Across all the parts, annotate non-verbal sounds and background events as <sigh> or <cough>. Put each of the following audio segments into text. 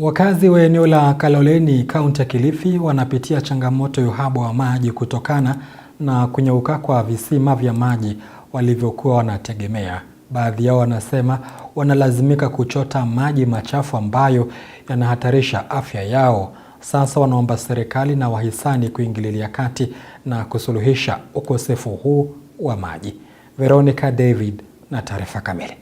Wakazi wa eneo la Kaloleni, kaunti ya Kilifi wanapitia changamoto ya uhaba wa maji kutokana na kunyauka kwa visima vya maji walivyokuwa wanategemea. Baadhi yao wanasema wanalazimika kuchota maji machafu ambayo yanahatarisha afya yao. Sasa wanaomba serikali na wahisani kuingililia kati na kusuluhisha ukosefu huu wa maji. Veronica David na taarifa kamili.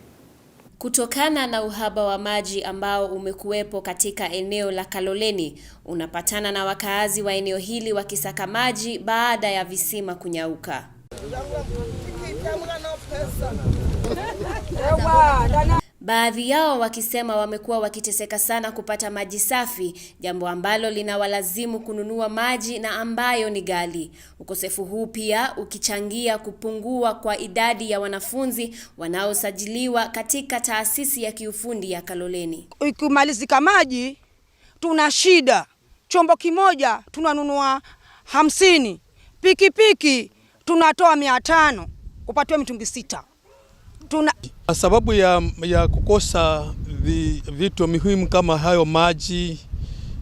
Kutokana na uhaba wa maji ambao umekuwepo katika eneo la Kaloleni, unapatana na wakaazi wa eneo hili wakisaka maji baada ya visima kunyauka. <laughs> baadhi yao wakisema wamekuwa wakiteseka sana kupata maji safi, jambo ambalo linawalazimu kununua maji na ambayo ni ghali. Ukosefu huu pia ukichangia kupungua kwa idadi ya wanafunzi wanaosajiliwa katika taasisi ya kiufundi ya Kaloleni. Ikimalizika maji, tuna shida. Chombo kimoja tunanunua hamsini, pikipiki tunatoa mia tano, kupatiwa mitungi sita tuna sababu ya, ya kukosa vi, vitu muhimu kama hayo maji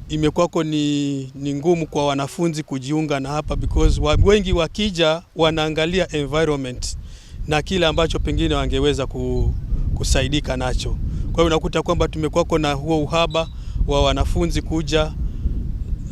imekuwako ni, ni ngumu kwa wanafunzi kujiunga na hapa because wengi wakija wanaangalia environment na kile ambacho pengine wangeweza kusaidika nacho. Kwa hiyo unakuta kwamba tumekuwako na huo uhaba wa wanafunzi kuja,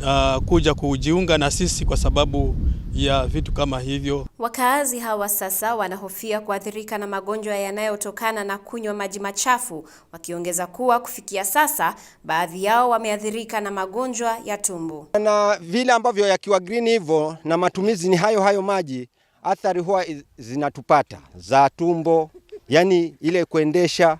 uh, kuja kujiunga na sisi kwa sababu ya vitu kama hivyo. Wakaazi hawa sasa wanahofia kuathirika na magonjwa yanayotokana na kunywa maji machafu, wakiongeza kuwa kufikia sasa baadhi yao wameathirika na magonjwa ya tumbo. Na vile ambavyo yakiwa green hivyo na matumizi ni hayo hayo maji, athari huwa zinatupata za tumbo, yani ile kuendesha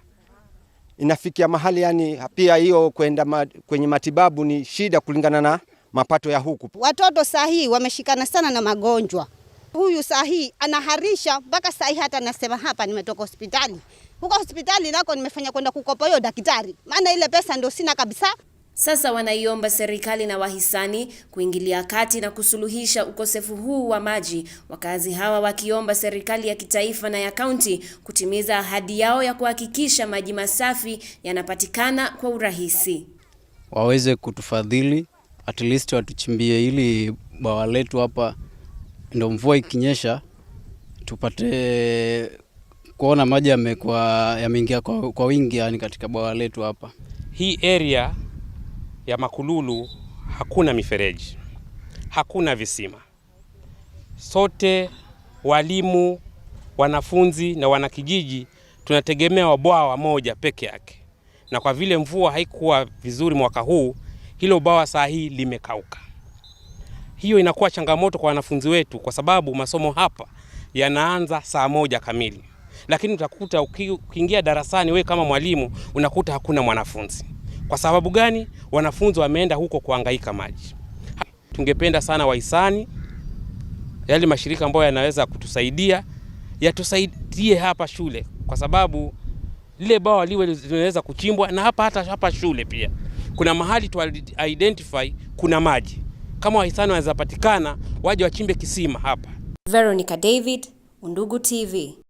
inafikia mahali yani, pia hiyo kwenda kwenye matibabu ni shida kulingana na mapato ya huku. Watoto sahii wameshikana sana na magonjwa. Huyu sahii anaharisha mpaka sahii, hata anasema hapa, nimetoka hospitali huko hospitali nako nimefanya kwenda kukopa hiyo daktari, maana ile pesa ndio sina kabisa. Sasa wanaiomba serikali na wahisani kuingilia kati na kusuluhisha ukosefu huu wa maji, wakazi hawa wakiomba serikali ya kitaifa na ya kaunti kutimiza ahadi yao ya kuhakikisha maji masafi yanapatikana kwa urahisi. Waweze kutufadhili at least watuchimbie ili bwawa letu hapa, ndo mvua ikinyesha tupate kuona maji yamekuwa yameingia kwa, kwa wingi yani katika bwawa letu hapa. Hii area ya Makululu hakuna mifereji, hakuna visima. Sote walimu, wanafunzi na wanakijiji tunategemea bwawa moja peke yake, na kwa vile mvua haikuwa vizuri mwaka huu hilo bawa saa hii limekauka. Hiyo inakuwa changamoto kwa wanafunzi wetu, kwa sababu masomo hapa yanaanza saa moja kamili, lakini utakuta ukiingia darasani we kama mwalimu unakuta hakuna mwanafunzi. Kwa sababu gani? Wanafunzi wameenda huko kuangaika maji. Tungependa sana wahisani, yale mashirika ambayo yanaweza kutusaidia yatusaidie hapa shule, kwa sababu lile bawa liwe linaweza kuchimbwa na hapa hata hapa shule pia kuna mahali tu identify kuna maji, kama wahisani wanaweza patikana waje wachimbe kisima hapa. Veronica David, Undugu TV.